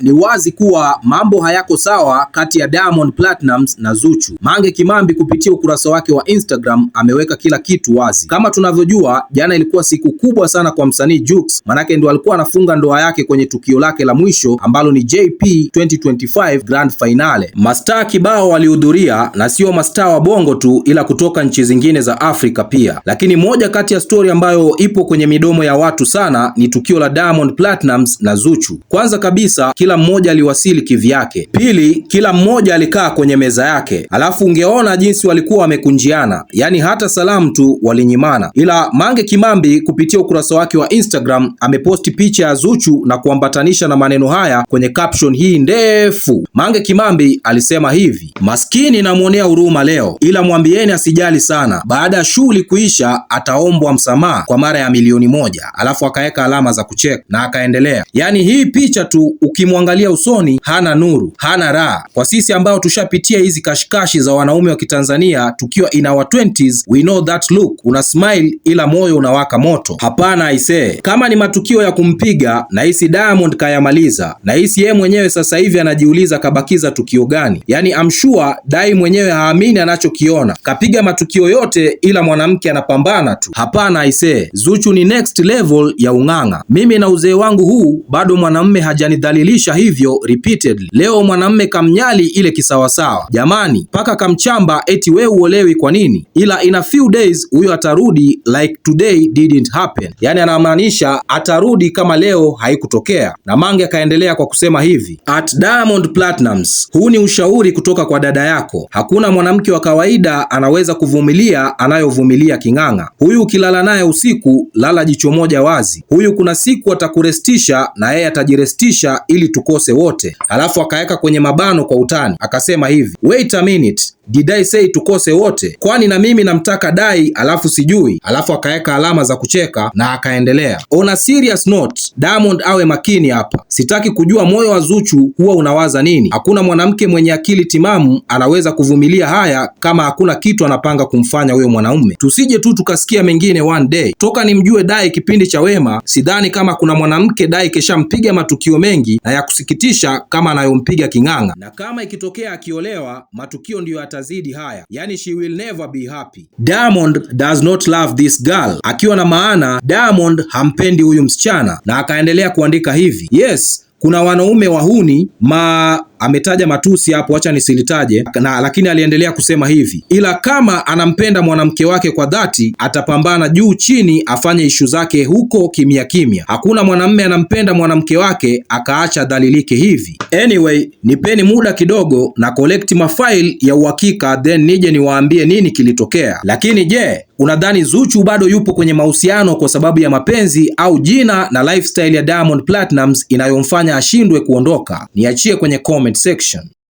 Ni wazi kuwa mambo hayako sawa kati ya Diamond Platnumz na Zuchu. Mange Kimambi kupitia ukurasa wake wa Instagram ameweka kila kitu wazi. Kama tunavyojua, jana ilikuwa siku kubwa sana kwa msanii Jux, manake ndo alikuwa anafunga ndoa yake kwenye tukio lake la mwisho ambalo ni JP 2025 Grand Finale. Mastaa kibao walihudhuria na sio mastaa wa Bongo tu ila kutoka nchi zingine za Afrika pia. Lakini moja kati ya stori ambayo ipo kwenye midomo ya watu sana ni tukio la Diamond Platnumz na Zuchu. Kwanza kabisa kila mmoja aliwasili kivyake. Pili, kila mmoja alikaa kwenye meza yake, alafu ungeona jinsi walikuwa wamekunjiana, yaani hata salamu tu walinyimana. Ila Mange Kimambi kupitia ukurasa wake wa Instagram ameposti picha ya Zuchu na kuambatanisha na maneno haya kwenye caption hii ndefu. Mange Kimambi alisema hivi: maskini namwonea huruma leo, ila mwambieni asijali sana, baada ya shughuli kuisha ataombwa msamaha kwa mara ya milioni moja. Alafu akaweka alama za kucheka na akaendelea, yaani hii picha tu ukimu ukimwangalia usoni hana nuru, hana raha. Kwa sisi ambao tushapitia hizi kashikashi za wanaume wa Kitanzania tukiwa in our 20s, we know that look. Una smile ila moyo unawaka moto. Hapana aisee, kama ni matukio ya kumpiga na hisi Diamond kayamaliza, na hisi yeye mwenyewe sasa hivi anajiuliza kabakiza tukio gani? Yaani I'm sure Dai mwenyewe haamini anachokiona, kapiga matukio yote ila mwanamke anapambana tu. Hapana aisee, Zuchu ni next level ya ung'ang'a. Mimi na uzee wangu huu bado mwanamume hajanidhalilisha Amefundisha hivyo repeatedly. Leo mwanamme kamnyali ile kisawasawa, jamani, paka kamchamba eti wewe uolewi kwa nini? Ila in a few days huyo atarudi like today didn't happen, yaani anamaanisha atarudi kama leo haikutokea. Na Mange akaendelea kwa kusema hivi, at Diamond Platnumz, huu ni ushauri kutoka kwa dada yako. Hakuna mwanamke wa kawaida anaweza kuvumilia anayovumilia King'ang'a. Huyu ukilala naye usiku, lala jicho moja wazi. Huyu kuna siku atakurestisha na yeye atajirestisha ili tukose wote. Alafu akaweka kwenye mabano kwa utani akasema hivi, wait a minute, Did I say tukose wote? Kwani na mimi namtaka dai alafu sijui, alafu akaweka alama za kucheka na akaendelea. On a serious note, Diamond awe makini hapa. Sitaki kujua moyo wa Zuchu huwa unawaza nini. Hakuna mwanamke mwenye akili timamu anaweza kuvumilia haya kama hakuna kitu anapanga kumfanya huyo mwanaume. Tusije tu tukasikia mengine one day. Toka nimjue dai kipindi cha Wema, sidhani kama kuna mwanamke dai keshampiga matukio mengi na ya kusikitisha kama anayompiga King'ang'a, na kama ikitokea akiolewa, matukio ndiyo yatazidi haya, yani she will never be happy. Diamond does not love this girl, akiwa na maana Diamond hampendi huyu msichana, na akaendelea kuandika hivi yes, kuna wanaume wahuni ma ametaja matusi hapo, acha nisilitaje na, lakini aliendelea kusema hivi, ila kama anampenda mwanamke wake kwa dhati atapambana juu chini afanye ishu zake huko kimya kimya. Hakuna mwanamme anampenda mwanamke wake akaacha dhalilike hivi. Anyway, nipeni muda kidogo na collect mafaili ya uhakika then nije niwaambie nini kilitokea. Lakini je, unadhani Zuchu bado yupo kwenye mahusiano kwa sababu ya mapenzi au jina na lifestyle ya Diamond Platnumz inayomfanya ashindwe kuondoka? Niachie kwenye comment. section